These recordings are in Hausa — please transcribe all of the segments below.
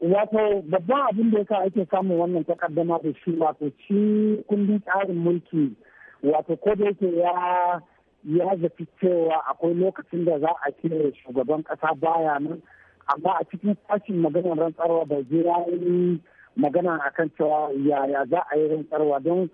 wato babban abin da yasa ake samun wannan takaddama da shi wato shi kundin tsarin mulki wato ko da yake ya ya zafi cewa akwai lokacin da za a cire shugaban kasa baya nan amma a cikin sashin maganar rantsarwa da ya yi magana akan cewa yaya za a yi rantsarwa don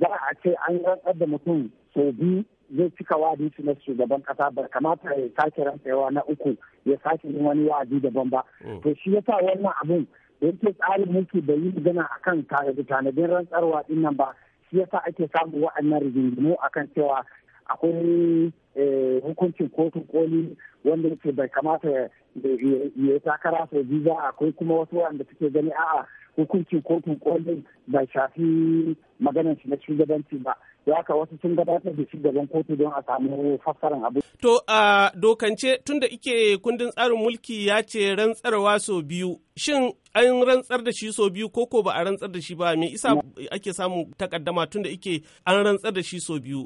za a ce an rantsar da mutum sau biyu zai cika wa'adi na shugaban kasa bai kamata ya sake rantsewa na uku ya sake yin wani wa'adi daban ba mm. to shi yasa wannan abun da ke tsarin mulki bai yi magana akan tanadin rantsarwa din nan ba shi yasa ake samu wa'annan rigingimu akan cewa akwai eh, hukuncin kotun koli wanda yake bai kamata ya takara sau biyu ba akwai kuma wasu wanda suke gani a'a hukuncin kotun koli bai shafi maganar shi na shugabanci ba ya ka wasu sun gabatar da shi gaban kotu don a samu fassarar abu. To a dokance tunda ike kundin tsarin mulki ya ce rantsarwa sau biyu shin an rantsar da shi sau biyu ko ko ba a rantsar da shi ba me isa ake samun takaddama tunda ike an rantsar da shi sau biyu.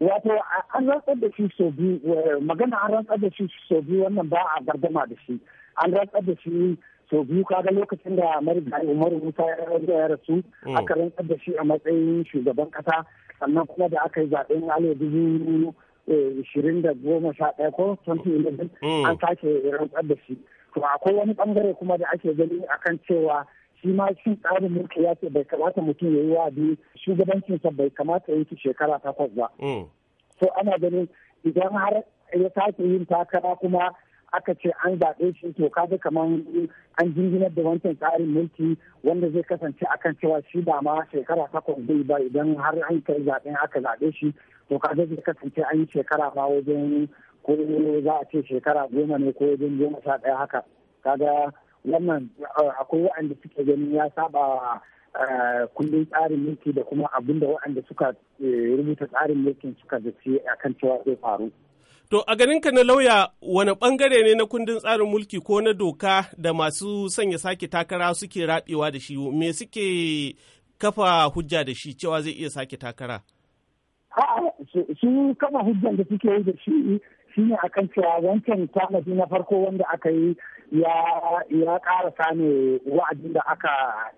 Wato an rantsar da shi sau biyu eh, magana an rantsar da shi sau biyu wannan ba a gardama da shi an rantsar da shi sau biyu kaga lokacin da marigayi umaru musa ya rasu mm. aka rantsar da shi a matsayin shugaban kasa sannan kuma da aka yi zaɓen alo dubu eh, ishirin da goma sha ɗaya ko 2011 hmm. an sake rantsar da shi to akwai wani bangare kuma da ake gani akan cewa shi ma shi tsarin mulki ya ce bai kamata mutum ya yi wa biyu shugabancinsa bai kamata ya yi shekara takwas ba to hmm. ana ganin idan har ya sake yin takara kuma aka ce an zaɓe shi to kaga kamar an jinginar da wancan tsarin mulki wanda zai kasance akan cewa shi ba ma shekara takwas bai ba idan har an kai zaɓen aka zaɓe shi to kaga zai kasance an yi shekara ma wajen ko za a ce shekara goma ne ko wajen goma sha ɗaya haka kaga wannan eh, akwai waɗanda suke ganin ya saba eh, kundin tsarin mulki da kuma abinda waanda suka eh, rubuta tsarin mulkin suka zaci akan cewa zai faru. To a ka na lauya wani ɓangare ne na kundin tsarin mulki ko na doka da masu sanya sake takara suke rabewa da shi me suke kafa hujja da shi cewa zai iya sake takara? Shi kama hujjan da suke yi da shi shi ne akan cewa wancan tanadi na farko wanda aka yi ya ƙara same wa'adin da aka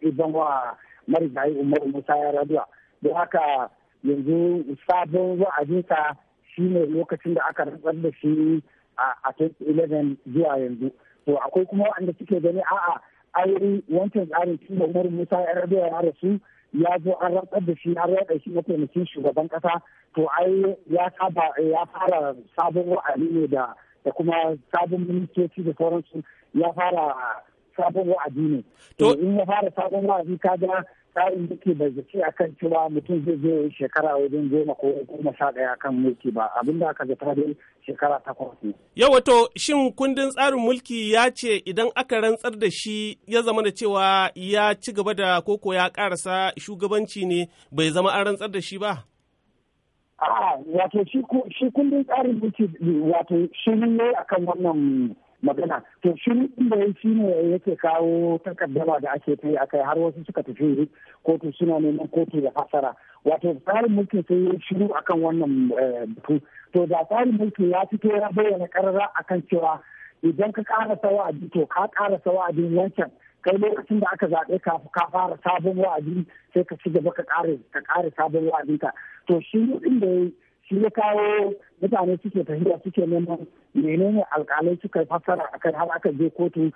iban wa marigayi umaru musa ya raduwa da haka yanzu sabon wa'adinsa shi ne lokacin da aka rantsar da shi a 2011 zuwa yanzu to akwai kuma waɗanda suke gani a'a ai wancan tsarin tun da musa ya rabe ya rasu ya zo an rantsar da shi an raɗa shi mataimakin shugaban ƙasa to ai ya saba ya fara sabon wa'adi ne da da kuma sabon ministoci da sauransu ya fara sabon wa'adi ne to in ya fara sabon wa'adi kaga mulki bai bazzace a kan cewa mutum zai zo shekara wajen goma ko goma sha ɗaya kan mulki ba abin da aka zata da shekara takwas ne. Yau wato shin kundin tsarin mulki ya ce idan aka rantsar da shi ya zama da cewa ya ci gaba da koko ya karasa shugabanci ne bai zama an rantsar da shi ba? A'a wato shi kundin tsarin mulki wato shi ne akan wannan magana to shi inda ya shi ne yake kawo takaddama da ake ta yi akai har wasu suka tafi kotu suna neman kotu da hasara wato tsarin mulkin sai ya shiru akan wannan eh, batu to da tsarin mulkin ya fito ya bayyana karara akan cewa idan ka karasa wa'adi to ka karasa wa'adin wancan kai lokacin da aka zaɓe ka fara sabon wa'adi sai ka ci gaba ka kare sabon wa'adinka to shi inda ya shi ya kawo mutane suke tafiya suke neman menene alkalai suka fassara akan har aka je kotu